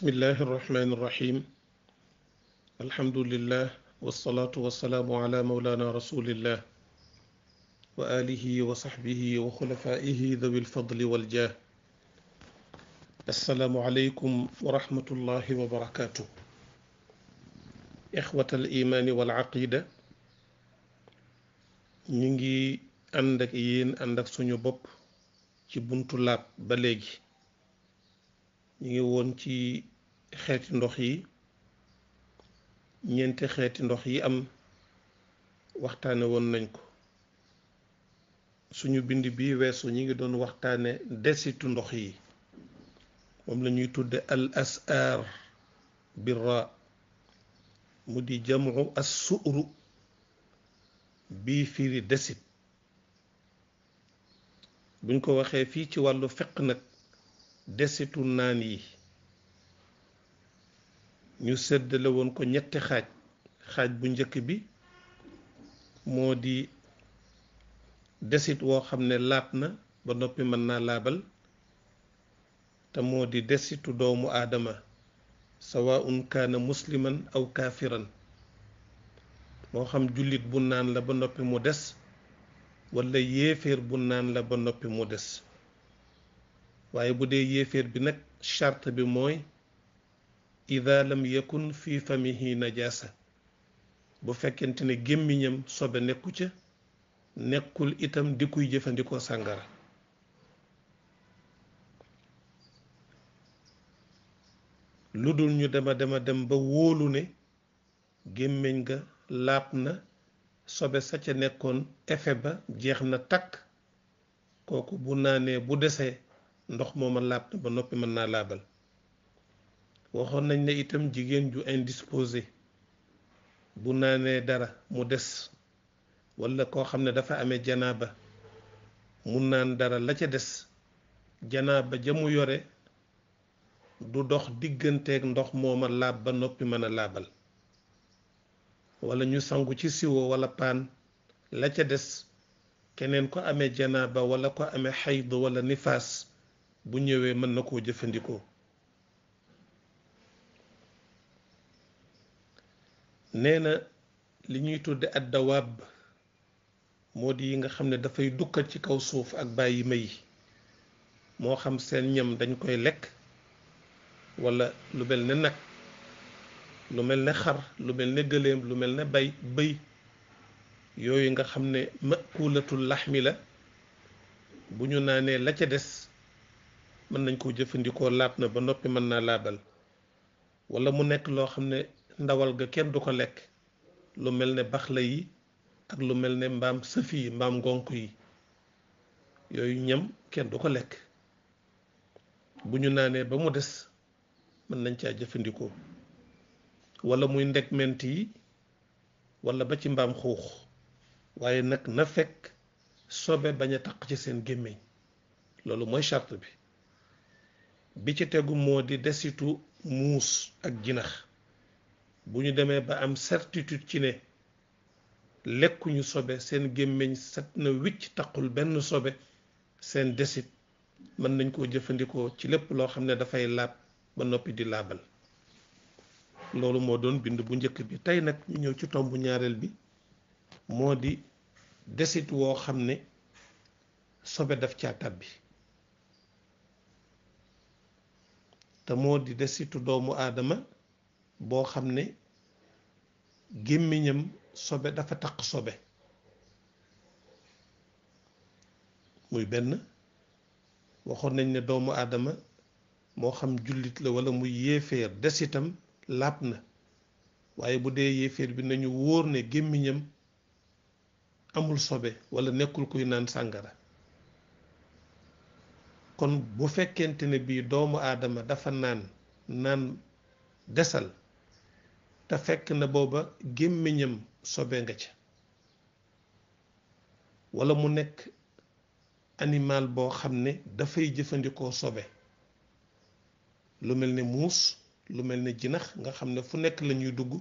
bismillahi irrahmani irrahim alhamdulillah walsalaatu walsalaamu ala mawlana rasulillah wa alihi wa saxbihi wa xulafaihi dawi alfadli waljah assalaamu aleykum wa rahmatullahi wa barakatuh ixwat alimaani walaqida ñu ngi ànd ak yéen ànd ak suñu bopp ci buntu laab ba léegi ñu ngi woon ci xeeti ndox yi ñeenti xeeti ndox yi am waxtaane woon nañ ko suñu bind bi weesu ñu ngi doon waxtaane desitu ndox yi moom lañuy tudd tudde al asar mu di jamu as suuru bii firi desit buñ ko waxee fii ci wàllu fiq nag desitu naan yi ñu séddale woon ko ñetti xaaj xaaj bu njëkk bi moo di desit woo xam ne laab na ba noppi mën naa laabal te moo di desitu doomu aadama sawaun kaana musliman aw kaafiran moo xam jullit bu naan la ba noppi mu des walla yéeféer bu naan la ba noppi mu des waaye bu dee yéeféer bi nag charte bi mooy ida lam yakun fi famihi najasa bu fekkent ne gémmiñam sobe nekku ca nekkul itam di kuy jëfandikoo sàngara lu dul ñu dema dema dem ba wóolu ne gémmiñ ga laab na sobe sa ca nekkoon effet ba jeex na takk kooku bu naanee bu desee ndox mooma laab ba noppi mën naa laabal waxoon nañ ne itam jigéen ju indisposé bu naanee dara mu des walla koo xam ne dafa amee janaaba mu naan dara la ca des janaaba ja mu yore du dox digganteeg ndox mooma laab ba noppi mën a laabal walla ñu sangu ci siwo walla paan la ca des keneen ko amee janaaba walla ko amee xayd walla nifaas bu ñëwee mën na koo jëfandikoo nee na li ñuy tudde ad dawaab moo di yi nga xam ne dafay dukkat ci kaw suuf ak bàyyi ma yi moo xam seen ñam dañ koy lekk walla lu mel ne nag lu mel ne xar lu mel ne gëléem lu mel ne bay bëy yooyu nga xam ne makulatul laxmi la bu ñu naanee la ca des mën nañ koo jëfandikoo laab na ba noppi mën naa laabal wala mu nekk loo xam ne ndawal ga kenn du ko lekk lu mel ne baxla yi ak lu mel ne mbaam sëf yi mbaam ngonk yi yooyu ñam kenn du ko lekk bu ñu naanee ba mu des mën nañ caa jëfandikoo wala muy ndeg ment yi wala ba ci mbaam xuux waaye nag na fekk sobe bañ a taq ci seen gémmiñ loolu mooy charte bi bi ci tegu moo di desitu muus ak jinax bu ñu demee ba am certitude ci ne lekkuñu sobe seen gémmiñ set na wicc taqul benn sobe seen desit mën nañ koo jëfandikoo ci lépp loo xam ne dafay laab ba noppi di laabal loolu moo doon bind bu njëkk bi tey nag ñu ñëw ci tomb ñaareel bi moo di desit woo xam ne sobe daf caa bi te moo di desitu doomu aadama boo xam ne gémmiñam sobe dafa taq sobe muy benn waxoon nañ ne doomu aadama moo xam jullit la wala muy yéeféer desitam laab na waaye bu dee yéeféer bi nañu wóor ne gémmiñam amul sobe wala nekkul kuy naan sàngara kon bu fekkente ne bii doomu aadama dafa naan naan desal te fekk na booba gémmiñam sobe nga ca wala mu nekk animal boo xam ne dafay jëfandikoo sobe lu mel ne muus lu mel ne jinax nga xam ne fu nekk lañuy dugg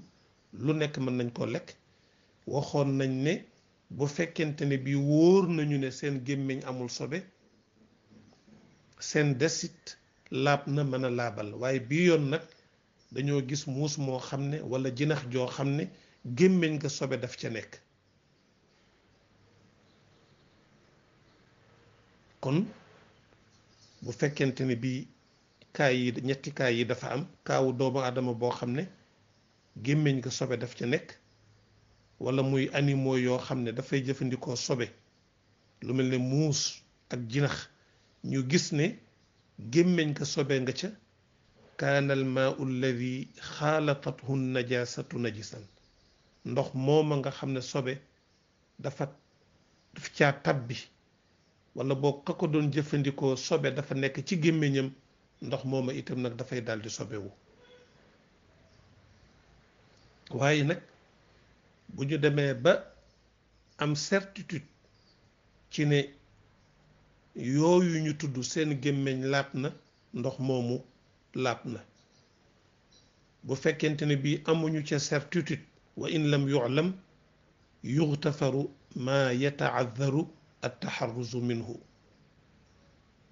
lu nekk mën nañ koo lekk waxoon nañ ne bu fekkente ne bii wóor nañu ne seen gémmiñ amul sobe seen desit laab na mën a laabal waaye bii yoon nag dañoo gis muus moo xam ne walla jinax joo xam ne gémmiñ nga sobe daf ca nekk kon bu fekkente ne bii kaay yi dafa am kaawu doomu aadama boo xam ne gémmiñ nga sobe daf ca nekk wala muy animaux yoo xam ne dafay jëfandikoo sobe lu mel ne muus ak jinax ñu gis ne gémmeñ ka sobe nga ca kaana al maa alladi xaalatathu najasatu najisan ndox mooma nga xam ne sobe dafa daf caa bi wala boo ka ko doon jëfandikoo sobe dafa nekk ci gémmiñam ndox mooma itam nag dafay daal di sobewu waaye nag bu ñu demee ba am certitude ci ne yooyu ñu tudd seen gémmiñ laab na ndox moomu laab na bu fekkente ni bii amuñu ca certitude wa in lam yuclam yuxtafaru ma ak attaxarruzu minhu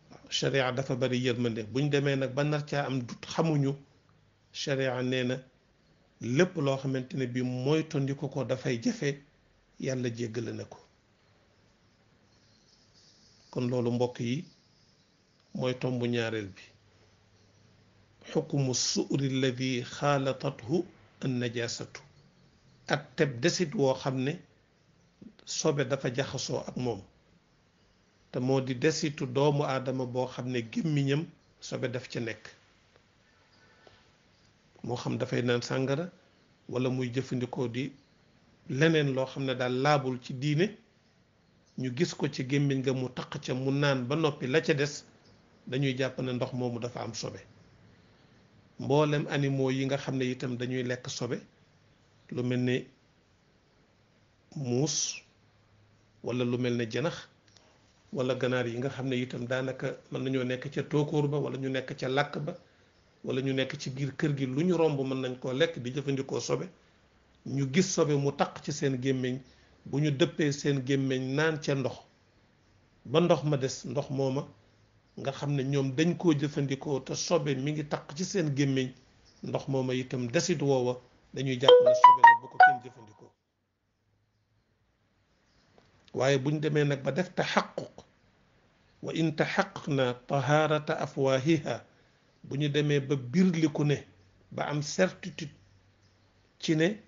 waaw sharia dafa bari yërmande buñ demee nag ba nar caa am xamuñu sharia nee na lépp loo xamante ne bii mooy tondi ko ko dafay jafe yàlla jéggale na ko kon loolu mbokk yi mooy tomb ñaareel bi xukmu suuri alladi xaalatathu an najasatu ak teb desit woo xam ne sobe dafa jaxasoo ak moom te moo di desitu doomu aadama boo xam ne gémmiñam sobe daf ca nekk moo xam dafay naan sàngara walla muy jëfandikoo di leneen loo xam ne daal laabul ci diine ñu gis ko ci gémmiñ nga mu taq ca mu naan ba noppi la ca des dañuy jàpp ne ndox moomu dafa am sobe mboolem animaux yi nga xam ne itam dañuy lekk sobe lu mel ne muus wala lu mel ne janax wala ganaar yi nga xam ne itam daanaka mën nañoo nekk ca tookóor ba wala ñu nekk ca làkk ba wala ñu nekk ci biir kër gi lu ñu romb mën nañ koo lekk di jëfandikoo sobe ñu gis sobe mu taq ci seen gémmiñ bu ñu dëppee seen gémmiñ naan ca ndox ba ndox ma des ndox mooma nga xam ne ñoom dañ koo jëfandikoo te sobe mi ngi taq ci seen gémmiñ ndox mooma itam desit woowa dañuy jàpp ne sobe la bu ko kenn jëfandikoo waaye bu ñu demee nag ba def taxaquq wa in taxaqna taharata afwahiha bu ñu demee ba birliku ne ba am certitude ci ne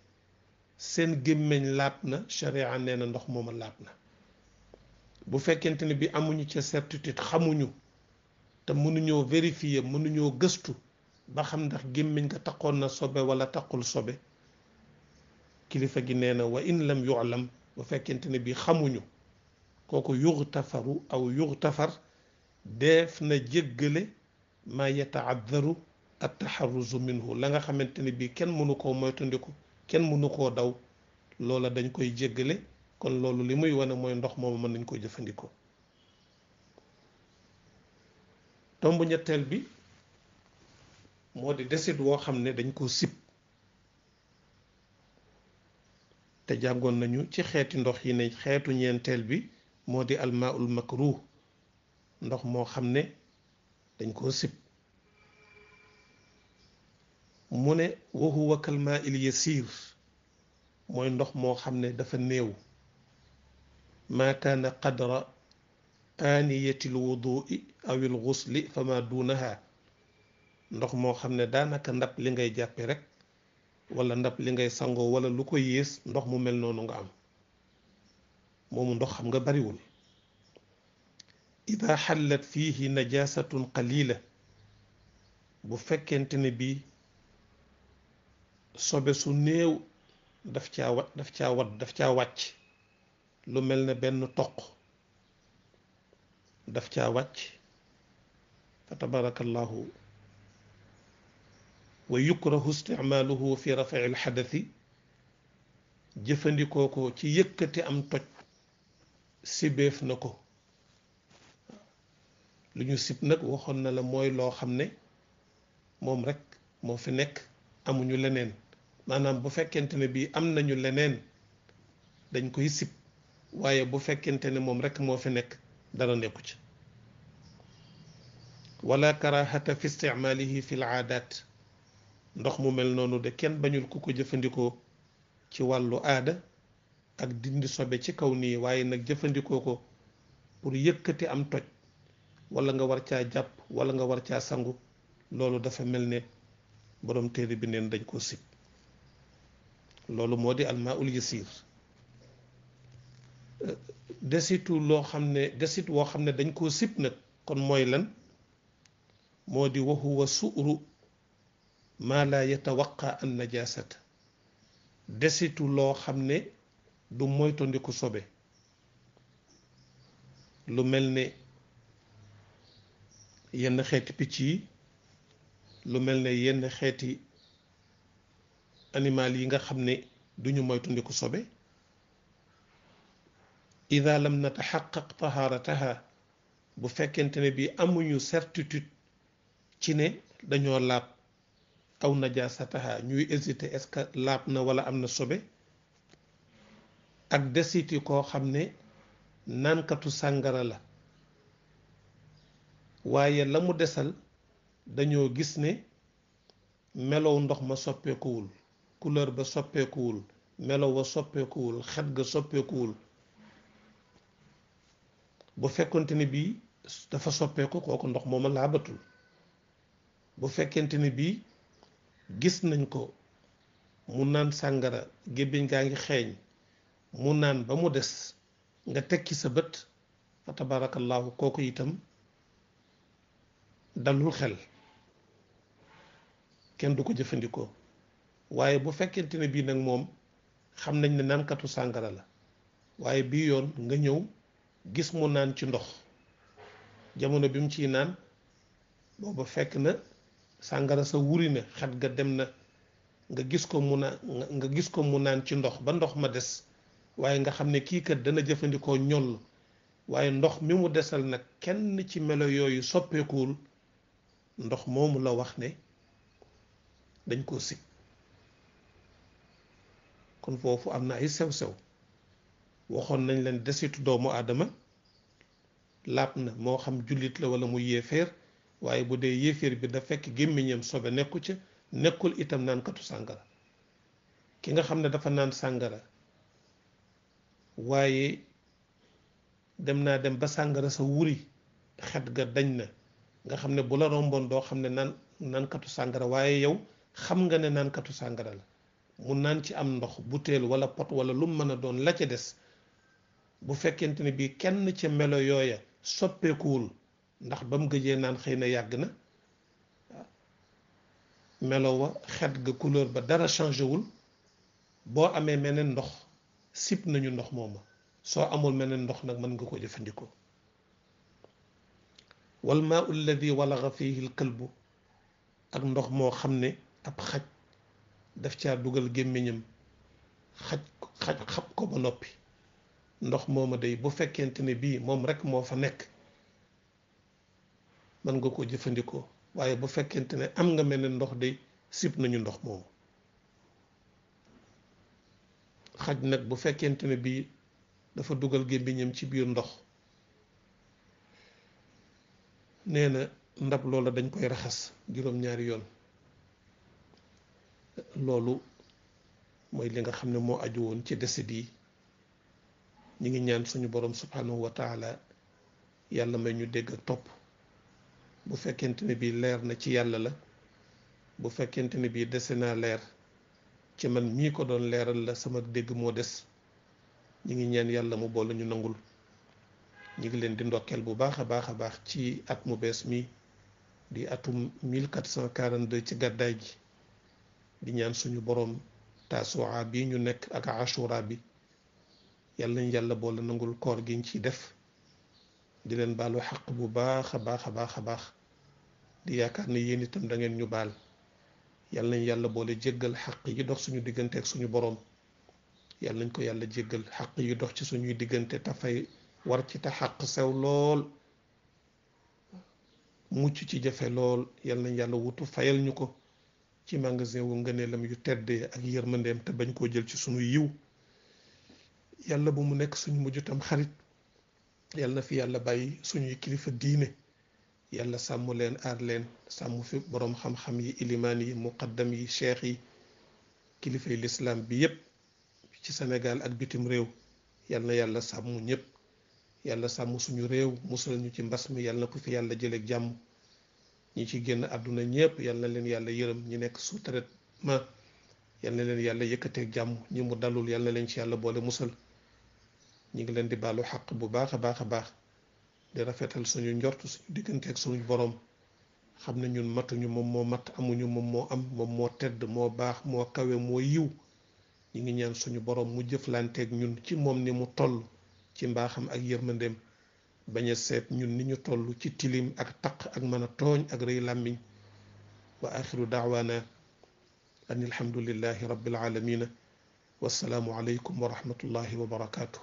seen gémmiñ laab na sharia nee ndox mooma laab na bu fekkente ne bi amuñu ca certitude xamuñu te mënuñoo vérifier mënuñoo gëstu ba xam ndax gémmiñ nga taqoon na sobe wala taqul sobe kilifa gi nee wa in lam yu'lam bu fekkente ne bi xamuñu kooku yuxtafaru aw tafar def na jéggale ma yataadaru at taxaruzu minhu la nga xamante ne bii kenn mënu koo moytandiku kenn mënu koo daw loola dañ koy jéggale kon loolu li muy wane mooy ndox moomu mën nañ koo jëfandikoo tomb ñetteel bi moo di desit woo xam ne dañ koo sib te jàngoon nañu ci xeeti ndox yi ne xeetu ñeenteel bi moo di almaa ul makruh ndox moo xam ne dañ koo sib mu ne wa huwa kalma il yasiir mooy ndox moo xam ne dafa néew maa kaana qadra aaniyati l wudui aw il gusli fa ndox moo xam ne daanaka ndab li ngay jàppe rek walla ndab li ngay sangoo wala lu ko yées ndox mu mel noonu nga am moomu ndox xam nga bariwul ida xallat fiihi najasatun qalila bu fekkent ne bii sobe su néew daf caa wat daf caa wàcc lu mel ne benn toq daf caa wàcc fa tabarakallahu wa yukrahu isticmaaluhu fi rafaci alxadasi jëfandikoo ko ci yëkkati am toj sibeef na ko lu ñu sib nag waxoon na la mooy loo xam ne moom rekk moo fi nekk amuñu leneen maanaam bu fekkente ne bii am nañu leneen dañ koy sib waaye bu fekkente ne moom rekk moo fi nekk dara nekku ci walla karahata fi isticmaalihi fi l aadaat ndox mu mel noonu de kenn bañul ku ko jëfandikoo ci wàllu aada ak dindi sobe ci kaw nii waaye nag jëfandikoo ko pour yëkkati am toj wala nga war caa jàpp wala nga war caa sangu loolu dafa mel ne boroom téere bi neen dañ koo sib loolu moo di almaa ul yasir desitu loo xam ne desit woo xam ne dañ koo sib nag kon mooy lan moo di wa huwa suuru maa laa yatawaqa an najasata desitu loo xam ne du moytandiku sobe lu mel ne yenn xeeti picc yi lu mel ne yenn xeeti animal yi nga xam ne duñu moytundiku sobe ida lam nataxaqaq taharataha bu fekkente ne bi amuñu certitude ci ne dañoo laab aw najaasataha ñuy hésité est-ce que laab na wala am na sobe ak desiti koo xam ne naankatu sàngara la waaye la mu desal dañoo gis ne melow ndox ma soppeekuwul couleur ba soppeekuwul melo soppeekuwul xet ga soppeekuwul bu fekkente ni bi dafa soppeeku kooku ndox mooma laabatul bu fekkente ni bii gis nañ ko mu naan sàngara gémmiñ gaa ngi xeeñ mu naan ba mu des nga teg ki sa bët fa tabaarakallaahu kooku itam dalul xel kenn du ko jëfandikoo waaye bu fekkente ne bii nag moom xam nañ ne naankatu sàngara la waaye bii yoon nga ñëw gis mu naan ci ndox jamono bi mu ciy naan booba fekk na sàngara sa wuri na xet ga dem na nga gis ko mu naan gis ko mu naan ci ndox ba ndox ma des waaye nga xam ne kii kat dana jëfandikoo ñoll waaye ndox mi mu desal nag kenn ci melo yooyu soppeekuwul ndox moomu la wax ne dañ koo sib foofu am na ay sew-sew waxoon nañ leen desitu doomu aadama laab na moo xam jullit la wala mu yéeféer waaye bu dee yéeféer bi da fekk gémmiñam sobe nekku ca nekkul itam naan katu sàngara ki nga xam ne dafa naan sàngara waaye dem naa dem ba sàngara sa wuri xet ga dañ na nga xam ne bu la romboon doo xam ne naan naan katu sàngara waaye yow xam nga ne naankatu sàngara la mu naan ci am ndox butéel wala pot wala lu mën a doon la ca des bu fekkente ne bii kenn ca melo yooya soppeekuwul ndax bam mu gëjee naan xëy na yàgg na melo wa xet ga couleur ba dara changé wul boo amee meneen ndox sip nañu ndox mooma soo amul meneen ndox nag mën nga ko jëfandikoo wal maa alladi walaga fiihi alkalbu ak ndox moo xam ne ab xaj def caa dugal gémmiñam xaj xaj xab ko ba noppi ndox mooma day bu fekkente ne bii moom rek moo fa nekk mën nga ko jëfandikoo waaye bu fekkente ne am nga mel ne ndox day sib nañu ndox moomu xaj nag bu fekkente ne bii dafa dugal gémmiñam ci biir ndox nee na ndab loolu dañ koy raxas juróom-ñaari yoon loolu mooy li nga xam ne moo aju woon ci dese bi ñu ngi ñaan suñu borom subhanahu wa taala yàlla may ñu dégg ak topp bu fekkent ni bii leer na ci yàlla la bu fekkente ni bii dese naa leer ci man mii ko doon leeral la sama dégg moo des ñu ngi ñaan yàlla mu boole ñu nangul ñu ngi leen di ndokkeel bu baax a baax a baax ci at mu bees mi di atum 1442 ci gàddaay ji di ñaan suñu boroom tasuwaa bii ñu nekk ak ashura bi yàlla ñu yàlla boole nangul koor giñ ci def di leen baalu xaq bu baax a baax a baax a baax di yaakaar ne yéen itam dangeen ñu baal yàlla nañ yàlla boole jéggal xaq yi dox suñu diggante ak suñu boroom yàlla nañ ko yàlla jéggal xaq yi dox ci suñuy diggante te fay war ci te xaq sew lool mucc ci jafe lool yàlla nañ yàlla wutu fayal ñu ko ci magasin wu ngëneelam yu teddee ak yërmandeem te bañ koo jël ci sunu yiw yàlla bu mu nekk suñu mujj tam xarit yàlla na fi yàlla bàyyi suñuy kilifa diine yàlla sàmm leen aar leen sàmm fi boroom xam-xam yi ilimaan yi muqaddam yi cheikh yi kilifay lislaam bi yépp ci Sénégal ak bitim réew yàlla na yàlla sàmm ñépp yàlla sàmm suñu réew musal ñu ci mbas mi yàlla na ko fi yàlla jëlee jàmm ñi ci génn àdduna ñëpp yal na leen yàlla yërëm ñi nekk sous traitement yal na leen yàlla yëkkateeg jàmm ñi mu dalul yal na leen ci yàlla boole musal ñi ngi leen di baalu xaq bu baax a baax a baax di rafetal suñu njort suñu digganteeg suñu borom xam na ñun matuñu moom moo mat amuñu moom moo am moom moo tedd moo baax moo kawe moo yiw ñi ngi ñaan suñu borom mu jëflanteeg ñun ci moom ni mu toll ci mbaaxam ak yërmandeem. bañ a seet ñun ni ñu toll ci tilim ak taq ak mën tooñ ak rëy làmmiñ wa axiru daawaana an alhamdulillahi rabbil alamina wassalaamu aleykum wa barakaatu.